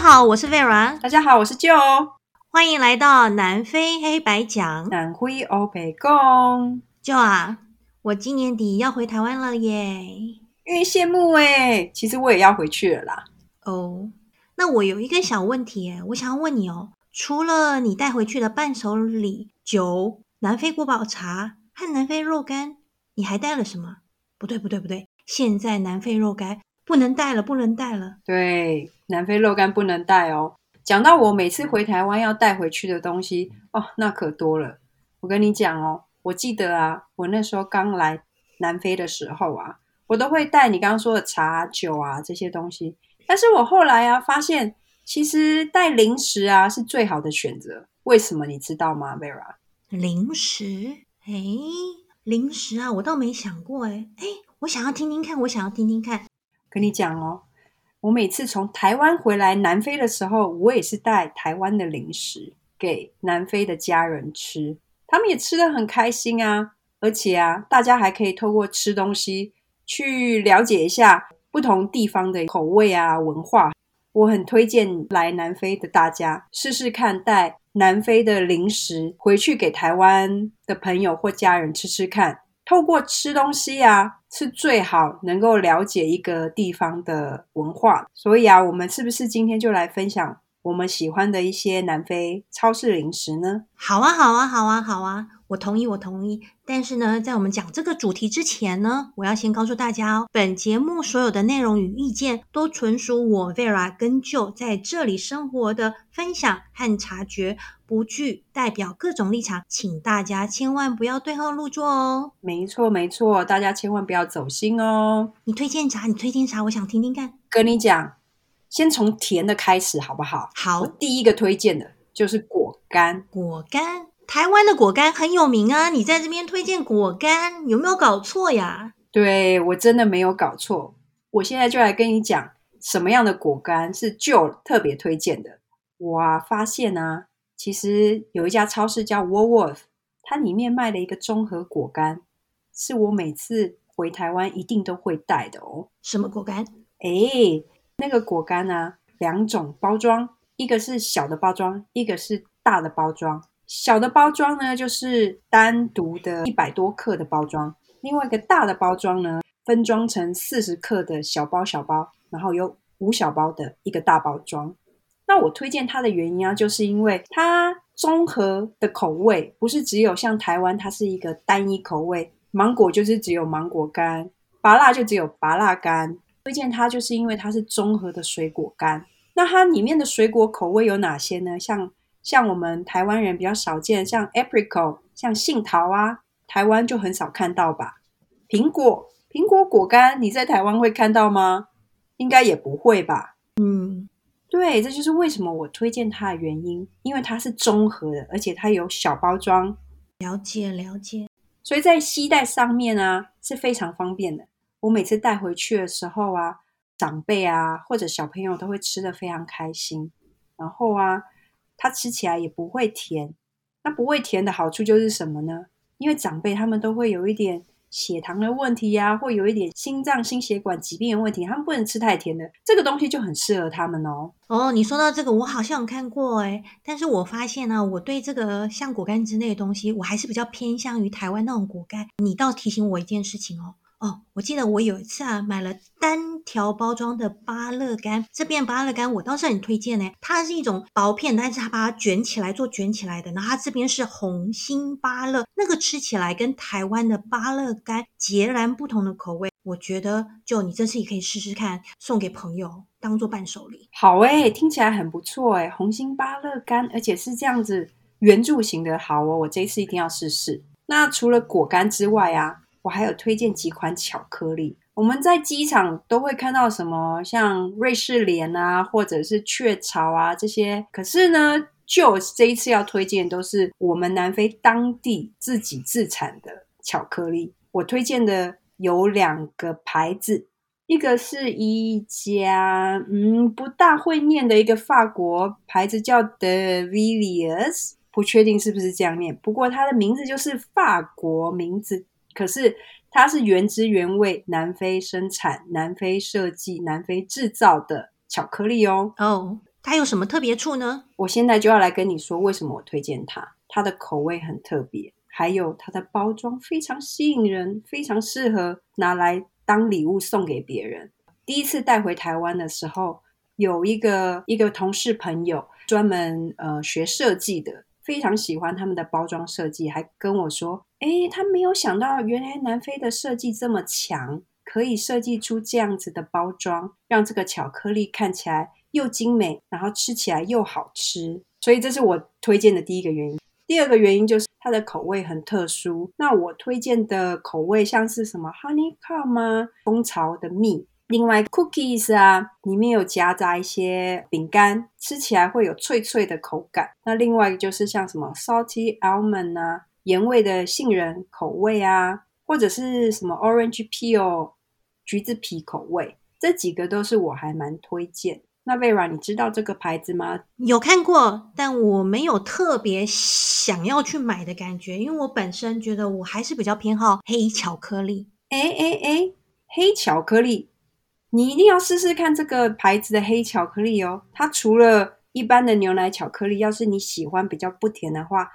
大家好，我是 Vera。大家好，我是 Gio。歡迎來到南非黑白講。南非歐北共。Gio 啊，我今年底要回台灣了耶，因為羨慕耶。其實我也要回去了啦。哦，oh, 那我有一個小問題耶，我想要問你哦，除了你帶回去的伴手禮——酒、南非國寶茶和南非肉乾，你還帶了什麼？不對，不對，不對，現在南非肉乾不能帶了，不能帶了。對。南非肉乾不能帶哦。講到我每次回台灣要帶回去的東西哦，那可多了。我跟你講哦，我記得啊，我那時候剛來南非的時候啊，我都會帶你剛剛說的茶、酒啊這些東西。但是我後來啊發現，其實帶零食啊是最好的選擇。為什麼你知道嗎，Vera？零食？哎，零食啊，我倒沒想過哎哎，我想要聽聽看，我想要聽聽看。跟你講哦。我每次從台灣回來南非的時候，我也是帶台灣的零食給南非的家人吃，他們也吃得很開心啊。而且啊，大家還可以透過吃東西去了解一下不同地方的口味啊、文化。我很推薦來南非的大家試試看帶南非的零食回去給台灣的朋友或家人吃吃看。透過吃東西啊，是最好能夠了解一個地方的文化。所以啊，我們是不是今天就來分享我們喜歡的一些南非超市零食呢？好啊，好啊，好啊，好啊，我同意，我同意。但是呢，在我們講這個主題之前呢，我要先告訴大家哦，本節目所有的內容與意見都純屬我 Vera 跟 Gio 在這裡生活的分享和察覺。不具代表各種立場，請大家千萬不要對號入座哦。沒錯沒錯，大家千萬不要走心哦。你推薦啥？你推薦啥？我想聽聽看。跟你講，先從甜的開始，好不好？好。我第一個推薦的就是果乾。果乾？台灣的果乾很有名啊！你在這邊推薦果乾，有沒有搞錯呀？對，我真的沒有搞錯。我現在就來跟你講，什麼樣的果乾是 Gio 特別推薦的。哇，發現啊！其實有一家超市叫 Woolworths，它裡面賣的一個綜合果乾，是我每次回台灣一定都會帶的哦。什麼果乾？哎，那個果乾呢、啊？兩種包裝，一個是小的包裝，一個是大的包裝。小的包裝呢，就是單獨的一百多克的包裝，另外一個大的包裝呢，分裝成四十克的小包小包，然後有五小包的一個大包裝。那我推薦它的原因啊，就是因為它綜合的口味，不是只有像台灣，它是一個單一口味，芒果就是只有芒果乾，芭樂就只有芭樂乾。推薦它就是因為它是綜合的水果乾。那它裡面的水果口味有哪些呢？像像我們台灣人比較少見，像 apricot，像杏桃啊，台灣就很少看到吧。蘋果，蘋果果乾，你在台灣會看到嗎？應該也不會吧。嗯。對，這就是為什麼我推薦它的原因，因為它是綜合的，而且它有小包裝，了解了解。了解，所以在攜帶上面啊，是非常方便的。我每次帶回去的時候啊，長輩啊或者小朋友都會吃得非常開心。然後啊，它吃起來也不會甜，那不會甜的好處就是什麼呢？因為長輩他們都會有一點。血糖的問題呀、啊，或有一點心臟心血管疾病的問題，他們不能吃太甜的，這個東西就很適合他們哦。哦，你說到這個，我好像有看過誒、欸，但是我發現呢、啊，我對這個像果乾之類的東西，我還是比較偏向於台灣那種果乾。你倒提醒我一件事情哦。哦，我記得我有一次啊，買了單條包裝的芭樂乾。這邊芭樂乾我倒是很推薦欸，它是一種薄片，但是它把它捲起來做捲起來的。然後它這邊是紅心芭樂，那個吃起來跟台灣的芭樂乾截然不同的口味。我覺得，就你這次也可以試試看，送給朋友當做伴手禮。好欸，聽起來很不錯欸，紅心芭樂乾，而且是這樣子圓柱形的，好哦，我這次一定要試試。那除了果乾之外啊。我還有推薦幾款巧克力。我們在機場都會看到什麼，像瑞士蓮啊，或者是雀巢啊這些。可是呢就這一次要推薦都是我們南非當地自己自產的巧克力。我推薦的有兩個牌子，一個是一家嗯不大會念的一個法國牌子，叫 t h e v i l l i e r s 不確定是不是這樣念。不過它的名字就是法國名字。可是它是原汁原味，南非生產、南非設計、南非製造的巧克力哦。哦，它有什麼特別處呢？我現在就要來跟你說為什麼我推薦它。它的口味很特別，還有它的包裝非常吸引人，非常適合拿來當禮物送給別人。第一次帶回台灣的時候，有一個一個同事朋友，專門呃學設計的，非常喜歡他們的包裝設計，還跟我說。誒，他沒有想到，原來南非的設計這麼強，可以設計出這樣子的包裝，讓這個巧克力看起來又精美，然後吃起來又好吃。所以這是我推薦的第一個原因。第二個原因就是它的口味很特殊。那我推薦的口味像是什麼 honeycomb 啊，蜂巢的蜜。另外 cookies 啊，裡面有夾雜一些餅乾，吃起來會有脆脆的口感。那另外就是像什麼 salty almond 啊。鹽味的杏仁口味啊，或者是什麼 orange peel 橘子皮口味，這幾個都是我還蠻推薦。那 Vera，你知道這個牌子嗎？有看過，但我沒有特別想要去買的感覺，因為我本身覺得我還是比較偏好黑巧克力。哎哎哎，黑巧克力，你一定要試試看這個牌子的黑巧克力哦。它除了一般的牛奶巧克力，要是你喜歡比較不甜的話。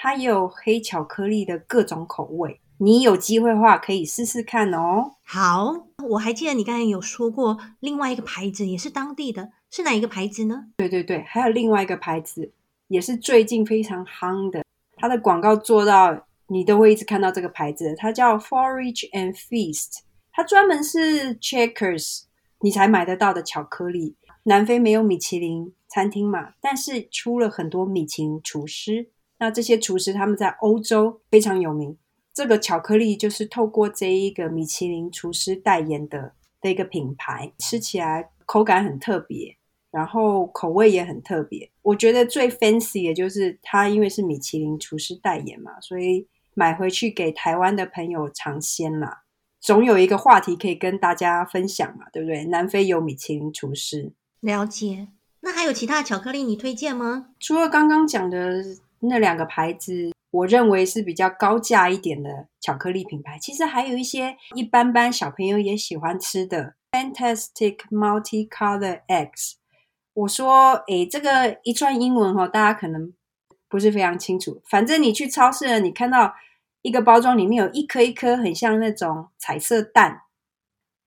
它有黑巧克力的各種口味，你有機會的話可以試試看哦。好，我還記得你剛才有說過另外一個牌子也是當地的，是哪一個牌子呢？對對對，還有另外一個牌子也是最近非常夯的，它的廣告做到你都會一直看到這個牌子，它叫 Forage and Feast，它專門是 Checkers 你才買得到的巧克力。南非沒有米其林餐廳嘛，但是出了很多米其林廚師。那這些廚師他們在歐洲非常有名，這個巧克力就是透過這一個米其林廚師代言的的一個品牌，吃起來口感很特別，然後口味也很特別。我覺得最 fancy 的就是它，因為是米其林廚師代言嘛，所以買回去給台灣的朋友嚐鮮啦，總有一個話題可以跟大家分享嘛，對不對？南非有米其林廚師，了解。那還有其他的巧克力你推薦嗎？除了剛剛講的。那兩個牌子，我認為是比較高價一點的巧克力品牌。其實還有一些一般般，小朋友也喜歡吃的 Fantastic Multicolour Eggs。我說，誒這個一串英文哦，大家可能不是非常清楚。反正你去超市呢，你看到一個包裝裡面有一顆一顆，很像那種彩色蛋。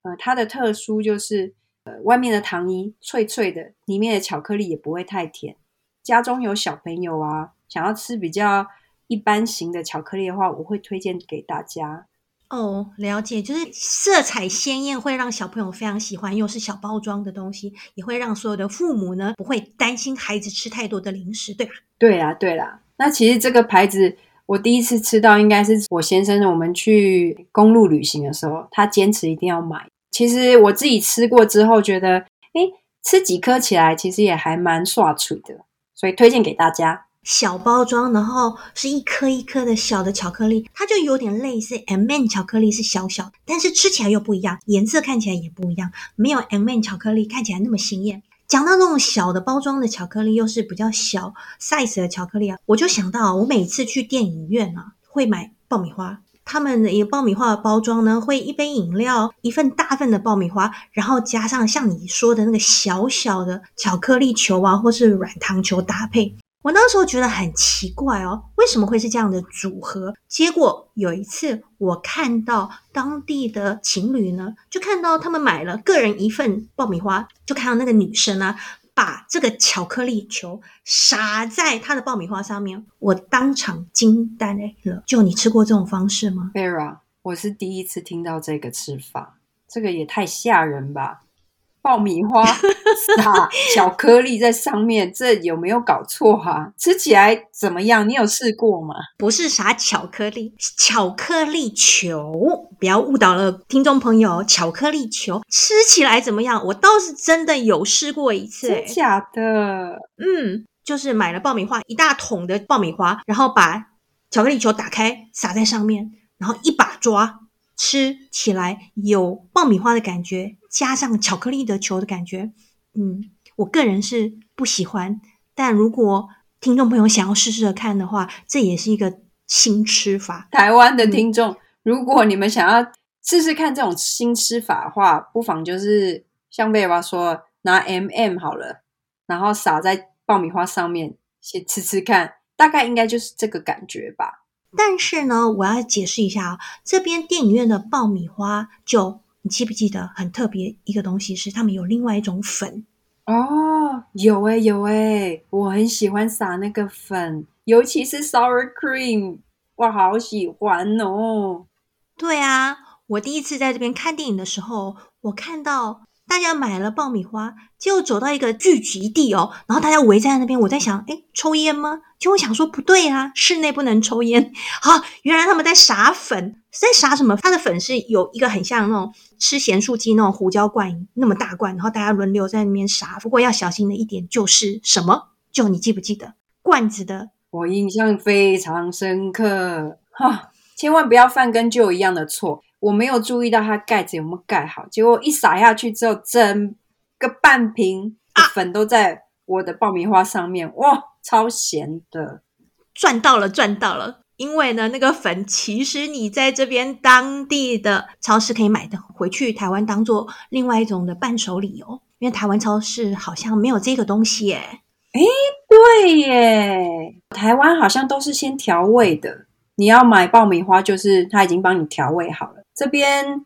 呃，它的特殊就是，呃，外面的糖衣脆脆的，裡面的巧克力也不會太甜。家中有小朋友啊。想要吃比較一般型的巧克力的話，我會推薦給大家。哦，oh, 了解，就是色彩鮮艷會讓小朋友非常喜歡，又是小包裝的東西，也會讓所有的父母呢不會擔心孩子吃太多的零食，對吧？對啊，對啦、啊。那其實這個牌子我第一次吃到，應該是我先生我們去公路旅行的時候，他堅持一定要買。其實我自己吃過之後，覺得哎，吃幾顆起來其實也還蠻爽脆的，所以推薦給大家。小包裝，然後是一顆一顆的小的巧克力，它就有點類似 M&M 巧克力，是小小的，但是吃起來又不一樣，顏色看起來也不一樣，沒有 M&M 巧克力看起來那麼鮮豔。講到這種小的包裝的巧克力，又是比較小 size 的巧克力啊，我就想到我每次去電影院啊，會買爆米花，他們的一個爆米花的包裝呢，會一杯飲料，一份大份的爆米花，然後加上像你說的那個小小的巧克力球啊，或是軟糖球搭配。我那時候覺得很奇怪哦，為什麼會是這樣的組合？結果有一次，我看到當地的情侶呢，就看到他們買了個人一份爆米花，就看到那個女生呢，把這個巧克力球撒在她的爆米花上面，我當場驚呆了。就你吃過這種方式嗎？Vera，我是第一次聽到這個吃法，這個也太嚇人吧！爆米花撒巧克力在上面， 這有沒有搞錯哈、啊，吃起來怎麼樣？你有試過嗎？不是撒巧克力，巧克力球，不要誤導了聽眾朋友。巧克力球吃起來怎麼樣？我倒是真的有試過一次，欸，真假的？嗯，就是買了爆米花一大桶的爆米花，然後把巧克力球打開撒在上面，然後一把抓，吃起來有爆米花的感覺，加上巧克力的球的感覺，嗯，我個人是不喜歡。但如果聽眾朋友想要試試看的話，這也是一個新吃法。台灣的聽眾，嗯、如果你們想要試試看這種新吃法的話，不妨就是像 Vera 說，拿 M、MM、M 好了，然後撒在爆米花上面，先吃吃看，大概應該就是這個感覺吧。但是呢，我要解釋一下啊、哦，這邊電影院的爆米花就。你記不記得很特別一個東西是他們有另外一種粉？哦，有哎、欸、有哎、欸，我很喜歡撒那個粉，尤其是 sour cream，我好喜歡哦！對啊，我第一次在這邊看電影的時候，我看到。大家買了爆米花，就走到一個聚集地哦，然後大家圍在那邊。我在想，哎、欸，抽煙嗎？就會想說不對啊，室內不能抽煙。好，原來他們在撒粉，在撒什麼？他的粉是有一個很像那種吃鹹酥雞那種胡椒罐那麼大罐，然後大家輪流在那邊撒。不過要小心的一點就是什麼？就你記不記得罐子的？我印象非常深刻，哈、啊，千萬不要犯跟 Gio 一樣的錯。我沒有注意到它蓋子有沒有蓋好，結果一撒下去之後，整個半瓶粉都在我的爆米花上面，啊、哇，超鹹的！賺到了，賺到了！因為呢，那個粉其實你在這邊當地的超市可以買的，回去台灣當做另外一種的伴手禮哦。因為台灣超市好像沒有這個東西誒。哎，對耶，台灣好像都是先調味的，你要買爆米花就是他已經幫你調味好了。這邊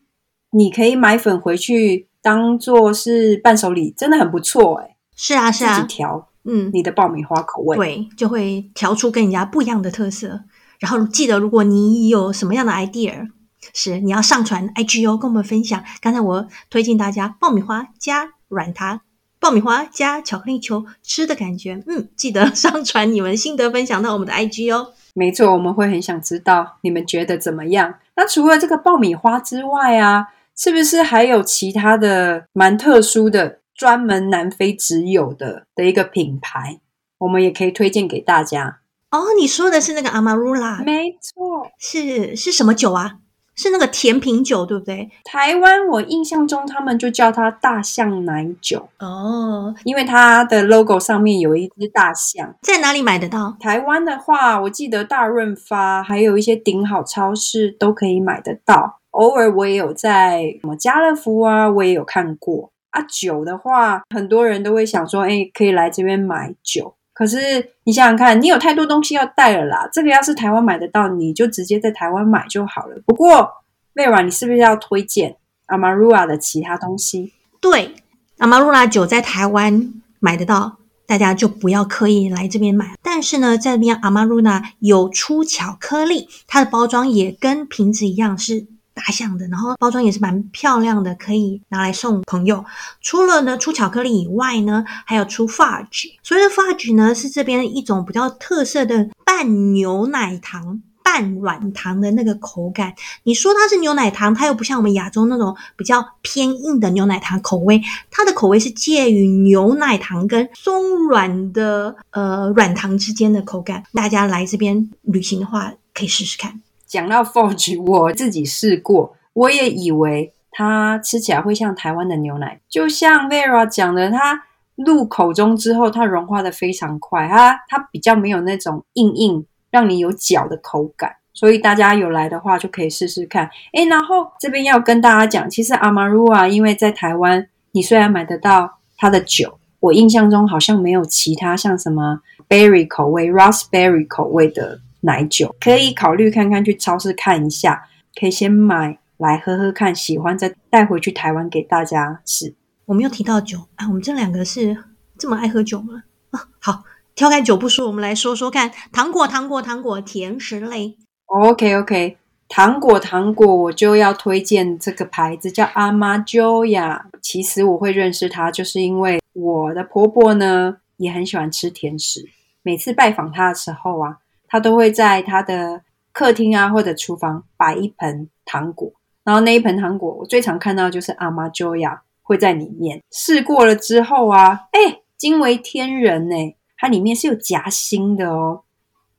你可以買粉回去當做是伴手禮，真的很不錯哎，啊。是啊，是啊，自己調，嗯，你的爆米花口味，嗯，對，就會調出跟人家不一樣的特色。然後記得，如果你有什麼樣的 idea，是你要上傳 IG 哦，跟我們分享。剛才我推薦大家爆米花加軟糖，爆米花加巧克力球吃的感覺，嗯，記得上傳你們心得分享到我們的 IG 哦。沒錯，我們會很想知道你們覺得怎麼樣。那除了這個爆米花之外啊，是不是還有其他的蠻特殊的、專門南非只有的的一個品牌，我們也可以推薦給大家？哦，你說的是那個阿瑪魯拉，沒錯，是是什麼酒啊？是那個甜品酒，對不對？台灣我印象中，他們就叫它大象奶酒哦，Oh. 因為它的 logo 上面有一只大象。在哪裡買得到？台灣的話，我記得大潤發，還有一些頂好超市都可以買得到。偶爾我也有在什麼家樂福啊，我也有看過。啊，酒的話，很多人都會想說，哎，可以來這邊買酒。可是你想想看，你有太多東西要帶了啦。這個要是台灣買得到，你就直接在台灣買就好了。不過，Vera，你是不是要推薦 Amarula 的其他東西？對，Amarula 酒在台灣買得到，大家就不要刻意來這邊買。但是呢，在這邊 Amarula 有出巧克力，它的包裝也跟瓶子一樣是，大象的，然後包裝也是蠻漂亮的，可以拿來送朋友。除了呢出巧克力以外呢，還有出 fudge。所謂的 fudge 呢，是這邊一種比較特色的半牛奶糖、半軟糖的那個口感。你說它是牛奶糖，它又不像我們亞洲那種比較偏硬的牛奶糖口味，它的口味是介於牛奶糖跟鬆軟的呃軟糖之間的口感。大家來這邊旅行的話，可以試試看。講到 f o r g e 我自己試過，我也以為它吃起來會像台灣的牛奶，就像 Vera 講的，它入口中之後，它融化的非常快，它它比較沒有那種硬硬讓你有嚼的口感，所以大家有來的話就可以試試看。誒然後這邊要跟大家講，其實 a m a r u 啊，因為在台灣，你雖然買得到它的酒，我印象中好像沒有其他像什麼 Berry 口味、Raspberry 口味的。奶酒可以考慮看看，去超市看一下，可以先買來喝喝看，喜歡再帶回去台灣給大家吃。我們又提到酒，哎，我們這兩個是這麼愛喝酒嗎？啊，好，挑開酒不說，我們來說說看，糖果、糖果、糖果，甜食類。OK OK，糖果糖果，我就要推薦這個牌子叫阿媽嬌雅。其實我會認識它，就是因為我的婆婆呢也很喜歡吃甜食，每次拜訪她的時候啊。他都會在他的客廳啊，或者廚房擺一盆糖果，然後那一盆糖果，我最常看到就是 Amajoya 會在裡面試過了之後啊，哎，驚為天人呢！它裡面是有夾心的哦，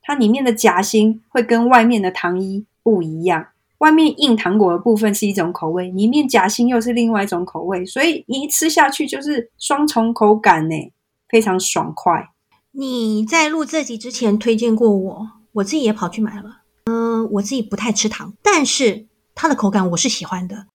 它裡面的夾心會跟外面的糖衣不一樣，外面硬糖果的部分是一種口味，裡面夾心又是另外一種口味，所以你一吃下去就是雙重口感呢，非常爽快。你在錄這集之前推薦過我，我自己也跑去買了。嗯、呃，我自己不太吃糖，但是它的口感我是喜歡的。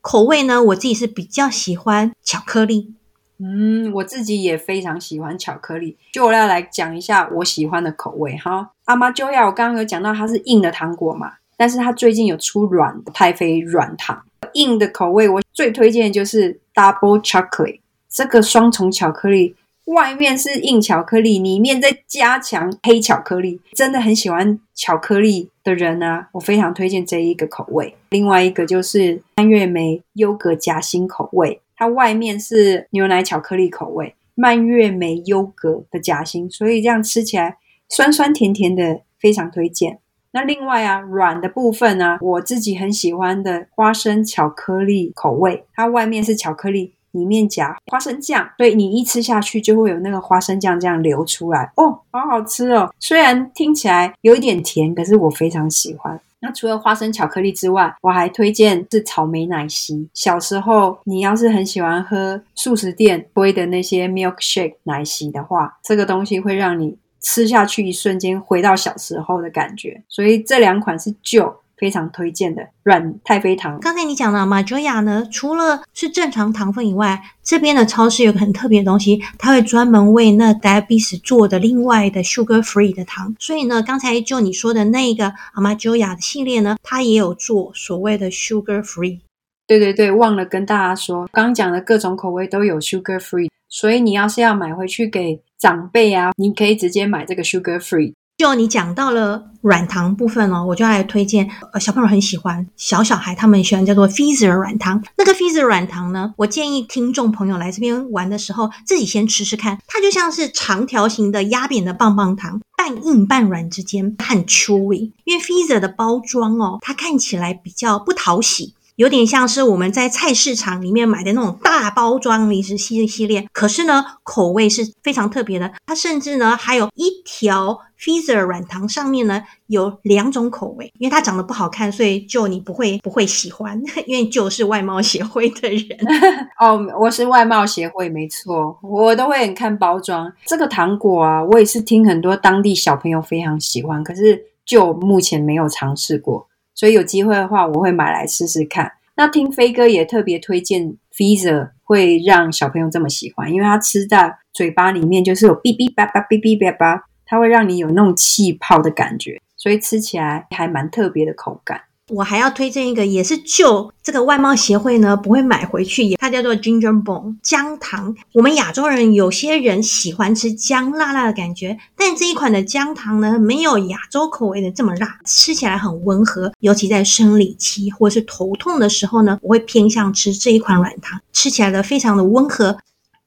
口味呢，我自己是比較喜歡巧克力。嗯，我自己也非常喜歡巧克力。就我要來講一下我喜歡的口味哈。Amarula，我剛剛有講到它是硬的糖果嘛，但是它最近有出軟的太妃軟糖。硬的口味我最推薦的就是 Double Chocolate 這個雙重巧克力。外面是硬巧克力，裡面再加強黑巧克力。真的很喜歡巧克力的人呢、啊，我非常推薦這一個口味。另外一個就是蔓越莓優格夾心口味，它外面是牛奶巧克力口味，蔓越莓優格的夾心，所以這樣吃起來酸酸甜甜的，非常推薦。那另外啊，軟的部分呢、啊，我自己很喜歡的花生巧克力口味，它外面是巧克力。裡面夾花生醬，所以你一吃下去就會有那個花生醬這樣流出來哦，好好吃哦。雖然聽起來有一點甜，可是我非常喜歡。那除了花生巧克力之外，我還推薦是草莓奶昔。小時候你要是很喜歡喝速食店推的那些 milkshake 奶昔的話，這個東西會讓你吃下去一瞬間回到小時候的感覺。所以這兩款是舊。非常推薦的軟太妃糖。剛才你講的 Amarula 呢，除了是正常糖分以外，這邊的超市有個很特別的東西，它會專門為那 diabetes 做的另外的 sugar free 的糖。所以呢，剛才就你說的那一個 Amarula 的系列呢，它也有做所謂的 sugar free。對對對，忘了跟大家說，剛講的各種口味都有 sugar free。所以你要是要買回去給長輩啊，你可以直接買這個 sugar free。就你講到了軟糖部分哦，我就要來推薦，呃，小朋友很喜歡，小小孩他們喜歡叫做 Fizzer 軟糖。那個 Fizzer 軟糖呢，我建議聽眾朋友來這邊玩的時候，自己先吃吃看，它就像是長條形的壓扁的棒棒糖，半硬半軟之間，很 chewy。因為 Fizzer 的包裝哦，它看起來比較不討喜。有點像是我們在菜市場裡面買的那種大包裝零食系系列，可是呢，口味是非常特別的。它甚至呢，還有一條 Fizzer 軟糖，上面呢有兩種口味。因為它長得不好看，所以就你不會不會喜歡，因為就是外貌協會的人。 哦，我是外貌協會，沒錯，我都會很看包裝。這個糖果啊，我也是聽很多當地小朋友非常喜歡，可是就目前沒有嘗試過。所以有機會的話，我會買來試試看。那聽飛哥也特別推薦 Fizzer 會讓小朋友這麼喜歡，因為它吃在嘴巴裡面就是有嗶嗶叭叭、嗶嗶叭叭，它會讓你有那種氣泡的感覺，所以吃起來還蠻特別的口感。我還要推薦一個，也是就這個外貌協會呢，不會買回去。也它叫做 ginger bone 薑糖。我們亞洲人有些人喜歡吃薑，辣辣的感覺。但這一款的薑糖呢，沒有亞洲口味的這麼辣，吃起來很溫和。尤其在生理期或者是頭痛的時候呢，我會偏向吃這一款軟糖，吃起來的非常的溫和。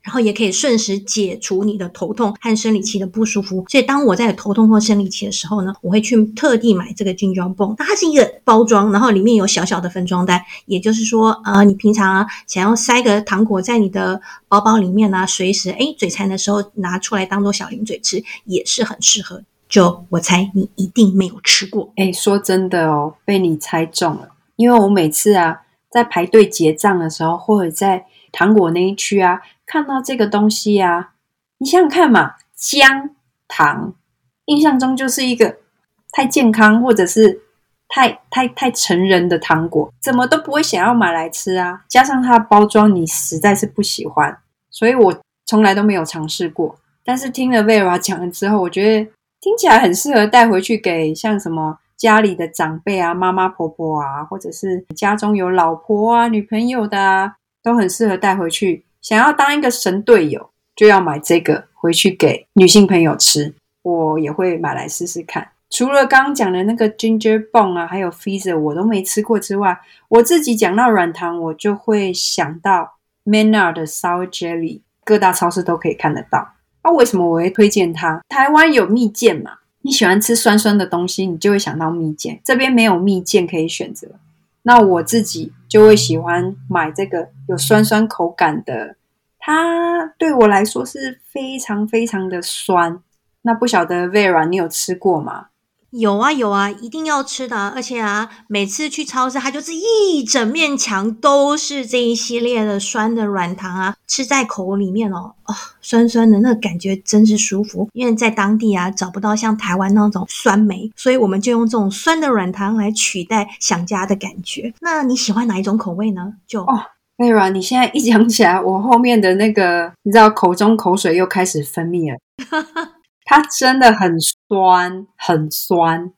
然後也可以瞬時解除你的頭痛和生理期的不舒服。所以當我在有頭痛或生理期的時候呢，我會去特地買這個鏡裝泵。它是一個包裝，然後裡面有小小的分裝袋，也就是說，呃，你平常想要塞個糖果在你的包包裡面啊，隨時，誒，嘴饞的時候拿出來當做小零嘴吃，也是很適合。就我猜你一定沒有吃過誒。誒，說真的哦，被你猜中了，因為我每次啊在排隊結賬的時候，或者在糖果那一區啊。看到這個東西啊，你想想看嘛，薑糖，印象中就是一個太健康或者是太太太成人的糖果，怎麼都不會想要買來吃啊。加上它的包裝，你實在是不喜歡，所以我從來都沒有嘗試過。但是聽了 Vera 講了之後，我覺得聽起來很適合帶回去給像什麼家裡的長輩啊、媽媽婆婆啊，或者是家中有老婆啊、女朋友的，啊，都很適合帶回去。想要當一個神隊友，就要買這個回去給女性朋友吃。我也會買來試試看。除了剛剛講的那個 ginger bone 啊，還有 Fizzer 我都沒吃過之外，我自己講到軟糖，我就會想到 Maynards 的 sour jelly，各大超市都可以看得到。那、啊、為什麼我會推薦它？台灣有蜜餞嘛？你喜歡吃酸酸的東西，你就會想到蜜餞。這邊沒有蜜餞可以選擇。那我自己就會喜歡買這個有酸酸口感的，它對我來說是非常非常的酸。那不曉得 Vera 你有吃過嗎？有啊有啊，一定要吃的啊，而且啊，每次去超市，它就是一整面牆都是這一系列的酸的軟糖啊，吃在口裡面哦，哦，酸酸的那感覺真是舒服。因為在當地啊，找不到像台灣那種酸梅，所以我們就用這種酸的軟糖來取代想家的感覺。那你喜歡哪一種口味呢？就哦，那軟，你現在一講起來，我後面的那個，你知道，口中口水又開始分泌了。 它真的很酸，很酸，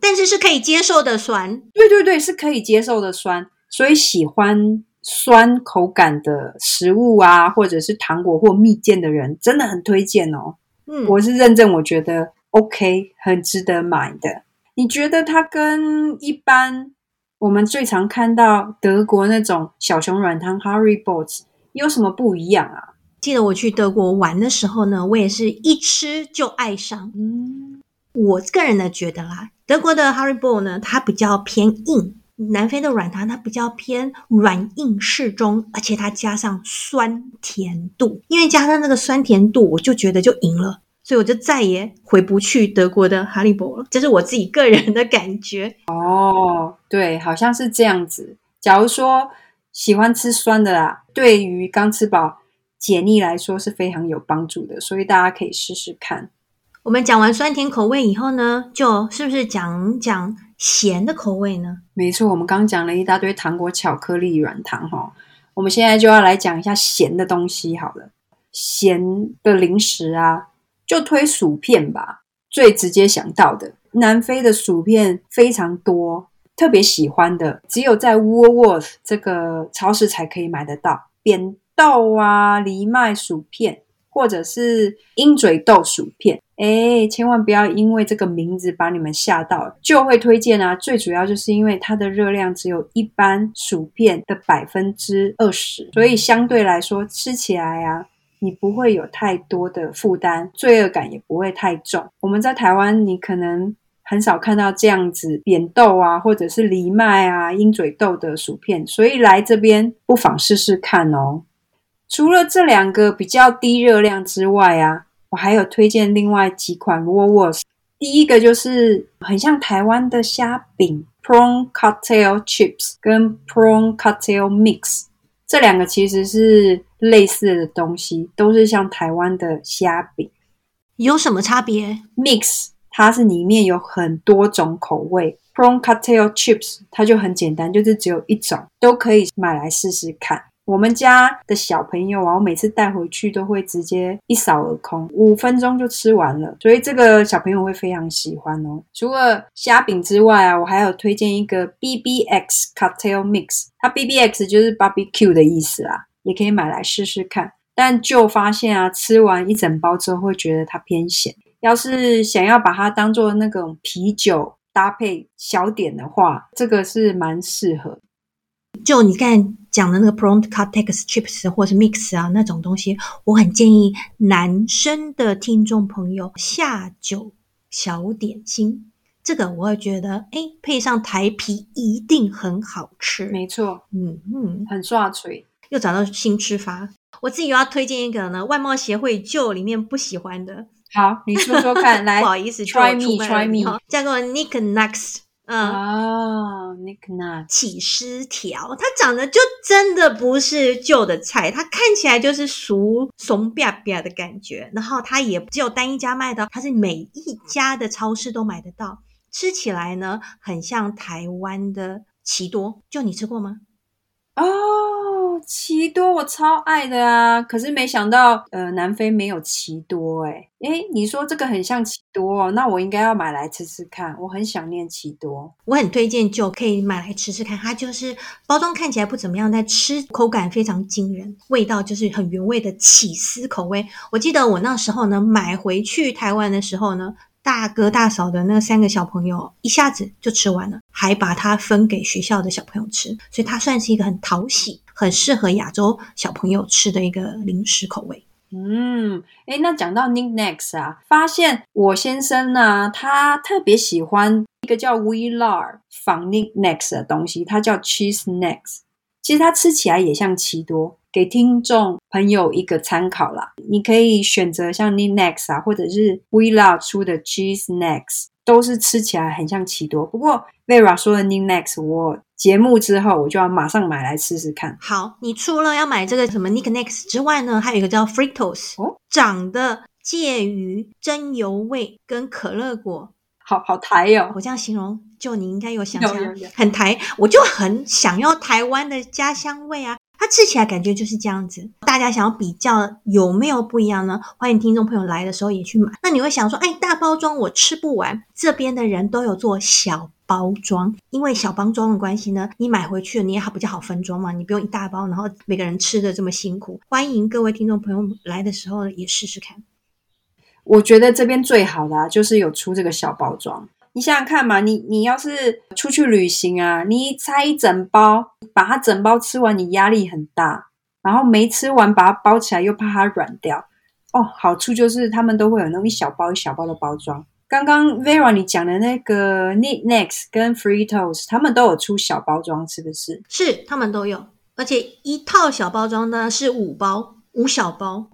但是是可以接受的酸。對對對，是可以接受的酸。所以喜歡酸口感的食物啊，或者是糖果或蜜餞的人，真的很推薦哦。嗯，我是認證，我覺得、嗯、OK，很值得買的。你覺得它跟一般我們最常看到德國那種小熊軟糖 Haribo 有什麼不一樣啊？記得我去德國玩的時候呢，我也是一吃就愛上。嗯，我個人的覺得啦，德國的 Haribo 呢，它比較偏硬；南非的軟糖，它比較偏軟硬適中，而且它加上酸甜度，因為加上那個酸甜度，我就覺得就贏了，所以我就再也回不去德國的 Haribo，這是我自己個人的感覺哦。對，好像是這樣子。假如說喜歡吃酸的啦，對於剛吃飽，解膩來說是非常有幫助的，所以大家可以試試看。我們講完酸甜口味以後呢，就是不是講講鹹的口味呢？沒錯，我們剛講了一大堆糖果、巧克力、軟糖哈、哦，我們現在就要來講一下鹹的東西好了。鹹的零食啊，就推薯片，吧。最直接想到的，南非的薯片非常多，特別喜歡的，只有在 Woolworths 這個超市才可以買得到。邊豆啊，藜麥薯片，或者是鷹嘴豆薯片，誒，千萬不要因為這個名字把你們嚇到了，就會推薦啊。最主要就是因為它的熱量只有一般薯片的百分之二十，所以相對來說吃起來啊，你不會有太多的負擔，罪惡感也不會太重。我們在台灣，你可能很少看到這樣子扁豆啊，或者是藜麥啊、鷹嘴豆的薯片，所以來這邊不妨試試看哦。除了這兩個比較低熱量之外啊，我還有推薦另外幾款 WOWS。第一個就是很像台灣的蝦餅，Prawn Cocktail Chips 跟 Prawn Cocktail Mix，這兩個其實是類似的東西，都是像台灣的蝦餅。有什麼差別？Mix 它是裡面有很多種口味，Prawn Cocktail Chips 它就很簡單，就是只有一種，都可以買來試試看。我們家的小朋友啊，我每次帶回去都會直接一掃而空，五分鐘就吃完了，所以這個小朋友會非常喜歡哦。除了蝦餅之外啊，我還有推薦一個 BBX Cartel Mix，它 BBX 就是 barbecue 的意思啊，也可以買來試試看。但就發現啊，吃完一整包之後會覺得它偏鹹。要是想要把它當做那種啤酒搭配小點的話，這個是蠻適合。就你剛才講的那個 prawn cocktail chips 或者是 mix 啊，那種東西，我很建議男生的聽眾朋友下酒小點心。這個我會覺得，哎，配上台皮一定很好吃。沒錯，嗯嗯，嗯，很爽脆又找到新吃法。我自己又要推薦一個呢，外貌協會就裡面不喜歡的。好，你說說看，來 不好意思，try me，try me，, try me. 叫做 Nik Naks 啊、嗯，起司條，它長得就真的不是舊的菜，它看起來就是熟慫癟癟的感覺。然後它也只有單一家賣的，它是每一家的超市都買得到。吃起來呢，很像台灣的奇多，就你吃過嗎？哦。奇多，我超愛的啊！可是沒想到，呃，南非沒有奇多哎、欸、誒你說這個很像奇多哦，那我應該要買來吃吃看。我很想念奇多，我很推薦就可以買來吃吃看。它就是包裝看起來不怎麼樣，但吃口感非常驚人，味道就是很原味的起司口味。我記得我那時候呢，買回去台灣的時候呢，大哥大嫂的那三個小朋友一下子就吃完了。還把它分給學校的小朋友吃，所以它算是一個很討喜、很適合亞洲小朋友吃的一個零食口味。嗯，哎，那講到 Nik Naks 啊，發現我先生呢、啊，他特別喜歡一個叫 Willards 仿 Nik Naks 的東西，它叫 Cheese Nicks。其實它吃起來也像奇多，給聽眾朋友一個參考啦。你可以選擇像 Nik Naks 啊，或者是 Willards 出的 Cheese Nicks。都是吃起來很像奇多，不過 Vera 說的 Nick Next，我節目之後我就要馬上買來試試看。好，你除了要買這個什麼 Nick n, Next 之外呢，還有一個叫 Fritos、哦、長得介於真魷味跟可樂果，好好台哦，我這樣形容，就你應該有想象，很台， 我就很想要台灣的家鄉味啊。它吃起來感覺就是這樣子，大家想要比較有沒有不一樣呢？歡迎聽眾朋友來的時候也去買。那你會想說，哎，大包裝我吃不完，這邊的人都有做小包裝，因為小包裝的關係呢，你買回去你也好比較好分裝嘛，你不用一大包，然後每個人吃的這麼辛苦。歡迎各位聽眾朋友來的時候也試試看。我覺得這邊最好的啊，就是有出這個小包裝。你想想看嘛，你你要是出去旅行啊，你拆一整包，把它整包吃完，你壓力很大。然後沒吃完，把它包起來又怕它軟掉。哦，好處就是他們都會有那種一小包一小包的包裝。剛剛 Vera 你講的那個 NikNaks 跟 Fritos，他們都有出小包裝，是不是？是，他們都有。而且一套小包裝呢是五包，五小包。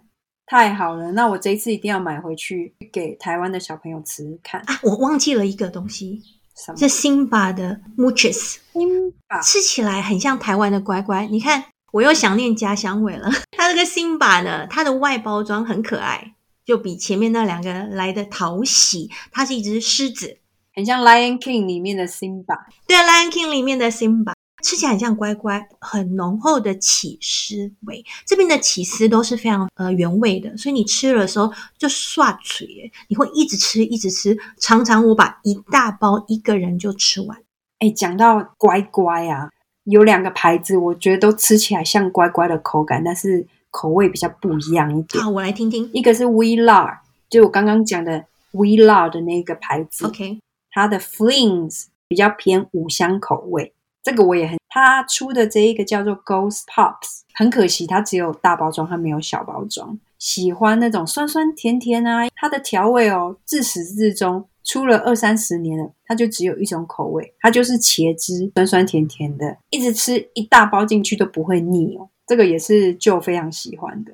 太好了，那我這一次一定要買回去給台灣的小朋友吃吃看。啊，我忘記了一個東西，什麼？是辛巴的 Muchis。辛巴。吃起來很像台灣的乖乖，你看我又想念家鄉味了。它這個辛巴呢，它的外包裝很可愛，就比前面那兩個來得討喜。它是一隻獅子，很像《Lion King》裡面的辛巴。對，《Lion King》裡面的辛巴。吃起來很像乖乖，很濃厚的起司味。這邊的起司都是非常呃原味的，所以你吃的時候就涮嘴，你會一直吃一直吃。常常我把一大包一個人就吃完。哎、欸，講到乖乖啊，有兩個牌子，我覺得都吃起來像乖乖的口感，但是口味比較不一樣一點。好，我來聽聽。一個是 v e l o v 就我剛剛講的 v e l o v 的那個牌子。OK，它的 Flings 比較偏五香口味。這個我也很，他出的這一個叫做 Ghost Pops。很可惜它只有大包裝，它沒有小包裝。喜歡那種酸酸甜甜啊，它的調味哦，自始至終出了二三十年了，它就只有一種口味，它就是茄汁，酸酸甜甜的，一直吃一大包進去都不會膩哦。這個也是 Gio 非常喜歡的。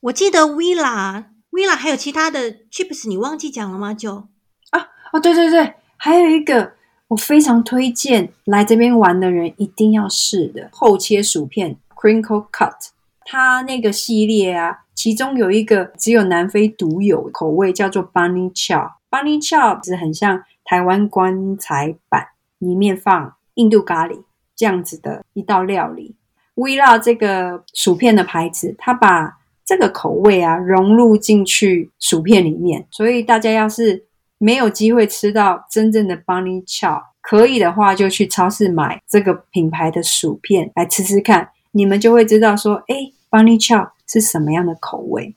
我記得 Vera，Vera 還有其他的 chips，你忘記講了嗎？Gio？啊哦對對對，還有一個。我非常推薦來這邊玩的人一定要試的厚切薯片 （crinkle cut）。它那個系列啊，其中有一個只有南非獨有口味，叫做 Bunny Chow。Bunny Chow 是很像台灣棺材板裡面放印度咖喱這樣子的一道料理。Vila 這個薯片的牌子，它把這個口味啊融入進去薯片裡面，所以大家要是，沒有機會吃到真正的 Bunny Chow，可以的話就去超市買這個品牌的薯片來吃吃看，你們就會知道說，哎，Bunny Chow 是什麼樣的口味。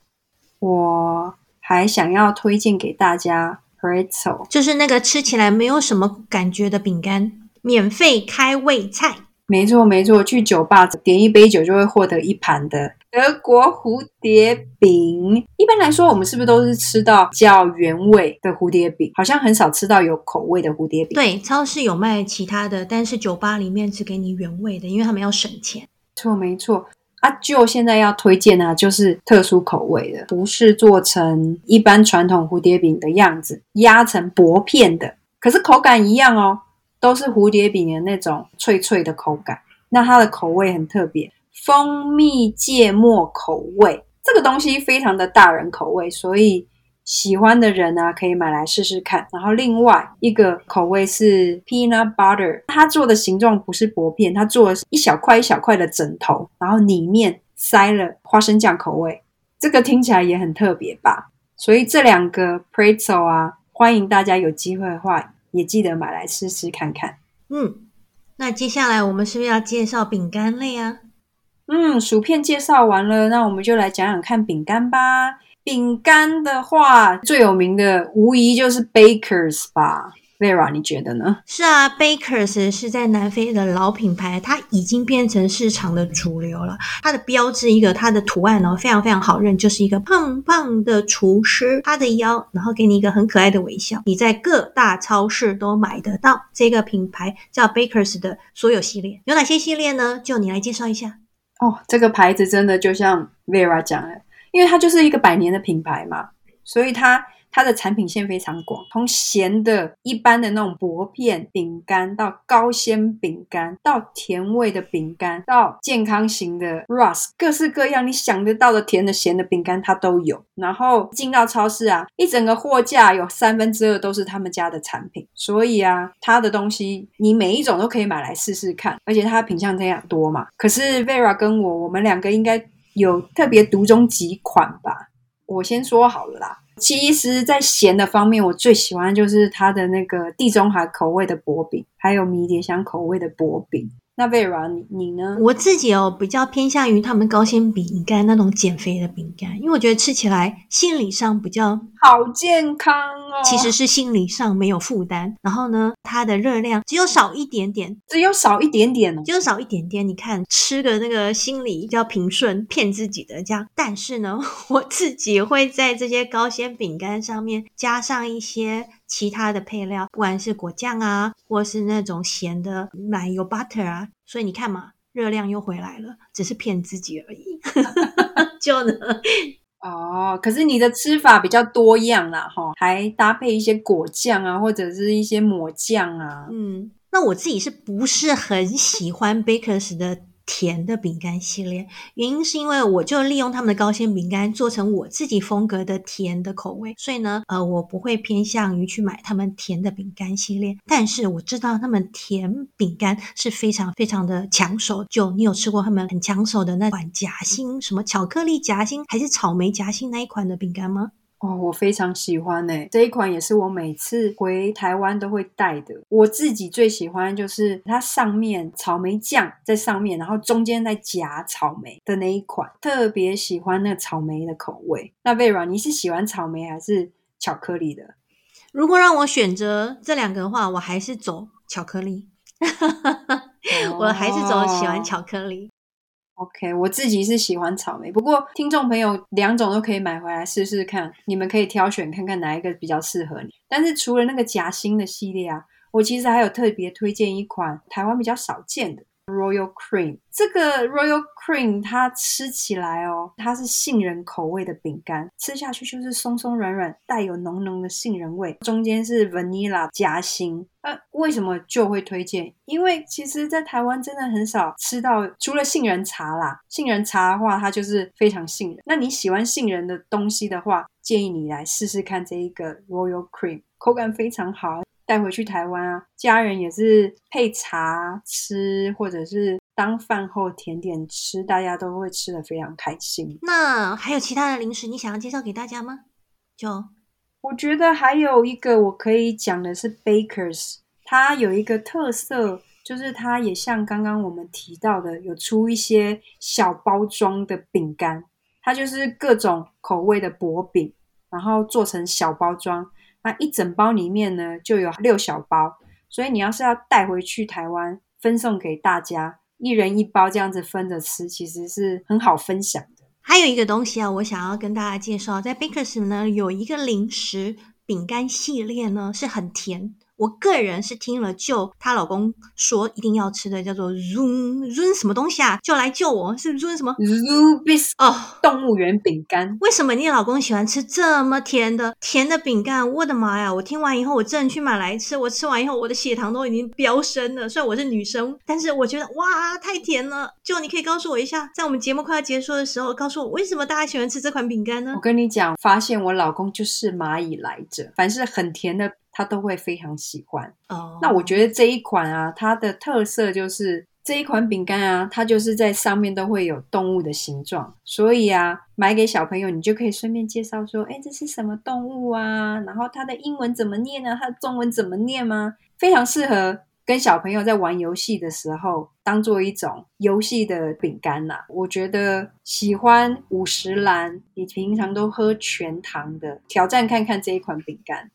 我還想要推薦給大家 Pretzel，就是那個吃起來沒有什麼感覺的餅乾，免費開胃菜。沒錯沒錯，去酒吧點一杯酒就會獲得一盤的。德國蝴蝶餅，一般來說，我們是不是都是吃到叫原味的蝴蝶餅？好像很少吃到有口味的蝴蝶餅。對，超市有賣其他的，但是酒吧裡面只給你原味的，因為他們要省錢。錯，沒錯。阿舅現在要推薦的，啊，就是特殊口味的，不是做成一般傳統蝴蝶餅的樣子，壓成薄片的，可是口感一樣哦，都是蝴蝶餅的那種脆脆的口感。那它的口味很特別。蜂蜜芥末口味，這個東西非常的大人口味，所以喜歡的人呢，啊可以買來試試看。然後另外一個口味是 peanut butter，它做的形狀不是薄片，它做的是一小塊一小塊的枕頭，然後裡面塞了花生醬口味，這個聽起來也很特別吧？所以這兩個 pretzel 啊，歡迎大家有機會的話也記得買來試試看看。嗯，那接下來我們是不是要介紹餅乾類啊？嗯，薯片介紹完了，那我們就來講講看餅乾吧。餅乾的話，最有名的無疑就是 Bakers 吧，Vera，你覺得呢？是啊，Bakers 是在南非的老品牌，它已經變成市場的主流了。它的標志一個，它的圖案哦，非常非常好認，就是一個胖胖的廚師，他的腰，然後給你一個很可愛的微笑。你在各大超市都買得到這個品牌，叫 Bakers 的所有系列，有哪些系列呢？就你來介紹一下。哦，這個牌子真的就像 Vera 講的，因為它就是一個百年的品牌嘛。所以它它的產品線非常廣，從鹹的一般的那種薄片餅乾，到高纖餅乾，到甜味的餅乾，到健康型的 Rusk，各式各樣你想得到的甜的、鹹的餅乾它都有。然後進到超市啊，一整個貨架有三分之二都是他們家的產品。所以啊，它的東西你每一種都可以買來試試看，而且它品項這樣多嘛。可是 Vera 跟我，我們兩個應該有特別獨鍾幾款吧。我先說好了啦，其實，在鹹的方面，我最喜歡就是它的那個地中海口味的薄餅，還有迷迭香口味的薄餅。那 Vera，你你呢？我自己哦，比較偏向於他們高纖餅乾那種減肥的餅乾，因為我覺得吃起來心理上比較好健康哦。其實是心理上沒有負擔，然後呢，它的熱量只有少一點點，只有少一點點，只有少一點點。你看，吃的那個心理比較平順，騙自己的這樣。但是呢，我自己會在這些高纖餅乾上面加上一些。其他的配料，不管是果醬啊，或是那種鹹的奶油 butter 啊，所以你看嘛，熱量又回來了，只是騙自己而已。 就能呢。 哦，可是你的吃法比較多樣啦，哈、哦，還搭配一些果醬啊，或者是一些抹醬啊。嗯，那我自己是不是很喜歡 Bakers 的甜的餅乾系列，原因是因為我就利用他們的高纖餅乾做成我自己風格的甜的口味，所以呢，呃，我不會偏向於去買他們甜的餅乾系列。但是我知道他們甜餅乾是非常非常的搶手。就你有吃過他們很搶手的那款夾心，什麼巧克力夾心還是草莓夾心那一款的餅乾嗎？哦，oh, 我非常喜歡哎、欸，這一款也是我每次回台灣都會帶的。我自己最喜歡就是它上面草莓醬在上面，然後中間在夾草莓的那一款，特別喜歡那個草莓的口味。那 Vera，你是喜歡草莓還是巧克力的？如果讓我選擇這兩個的話，我還是走巧克力， 我還是走喜歡巧克力。OK，我自己是喜歡草莓，不過聽眾朋友兩種都可以買回來試試看，你們可以挑選看看哪一個比較適合你。但是除了那個夾心的系列啊，我其實還有特別推薦一款台灣比較少見的。Royal Cream，這個 Royal Cream 它吃起來哦，它是杏仁口味的餅乾，吃下去就是鬆鬆軟軟，帶有濃濃的杏仁味，中間是 vanilla 夾心。那，啊，為什麼就會推薦？因為其實，在台灣真的很少吃到，除了杏仁茶啦，杏仁茶的話，它就是非常杏仁。那你喜歡杏仁的東西的話，建議你來試試看這一個 Royal Cream，口感非常好。帶回去台灣啊，家人也是配茶吃，或者是當飯後甜點吃，大家都會吃得非常開心。那還有其他的零食，你想要介紹給大家嗎？就我覺得還有一個我可以講的是 Bakers，它有一個特色，就是它也像剛剛我們提到的，有出一些小包裝的餅乾，它就是各種口味的薄餅，然後做成小包裝。一整包裡面呢，就有六小包，所以你要是要帶回去台灣分送給大家，一人一包這樣子分着吃，其實是很好分享的。還有一個東西啊，我想要跟大家介紹，在 Bakers 裡面呢，有一個零食餅乾系列呢，是很甜。我個人是聽了 Gio 她老公說一定要吃的，叫做 Zoo, Zoo 什麼東西啊，就來救我，是 Zoo 什麼？Zoo Biscuits 哦，Zoo Biscuits oh, 動物園餅乾。為什麼你老公喜歡吃這麼甜的甜的餅乾？我的媽呀！我聽完以後，我真的去買來吃。我吃完以後，我的血糖都已經飆升了。雖然我是女生，但是我覺得哇，太甜了。Gio 你可以告訴我一下，在我們節目快要結束的時候，告訴我為什麼大家喜歡吃這款餅乾呢？我跟你講，發現我老公就是螞蟻來着，凡是很甜的，他都會非常喜歡哦。Oh. 那我覺得這一款啊，它的特色就是這一款餅乾啊，它就是在上面都會有動物的形狀，所以啊，買給小朋友，你就可以順便介紹說，哎，這是什麼動物啊？然後它的英文怎麼念呢？它的中文怎麼念嗎？非常適合跟小朋友在玩遊戲的時候當做一種遊戲的餅乾啊。我覺得喜歡五十嵐，你平常都喝全糖的，挑戰看看這一款餅乾。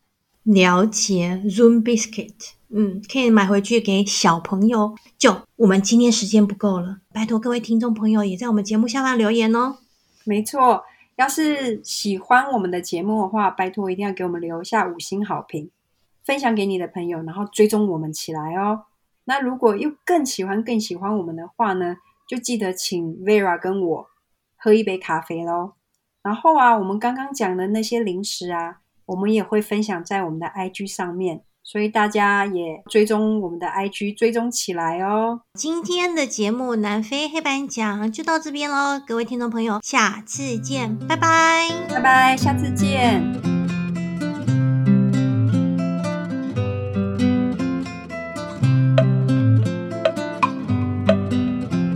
了解 Zoom Biscuit，嗯，可以買回去給小朋友。就我們今天時間不夠了，拜託各位聽眾朋友，也在我們節目下方留言哦。沒錯，要是喜歡我們的節目的話，拜託一定要給我們留下五星好評，分享給你的朋友，然後追蹤我們起來哦。那如果又更喜歡、更喜歡我們的話呢，就記得請 Vera 跟我喝一杯咖啡嘍。然後啊，我們剛剛講的那些零食啊。我們也會分享在我們的 IG 上面，所以大家也追蹤我們的 IG，追蹤起來哦。今天的節目《南非黑白講》就到這邊嘍，各位聽眾朋友，下次見，拜拜，拜拜，下次見。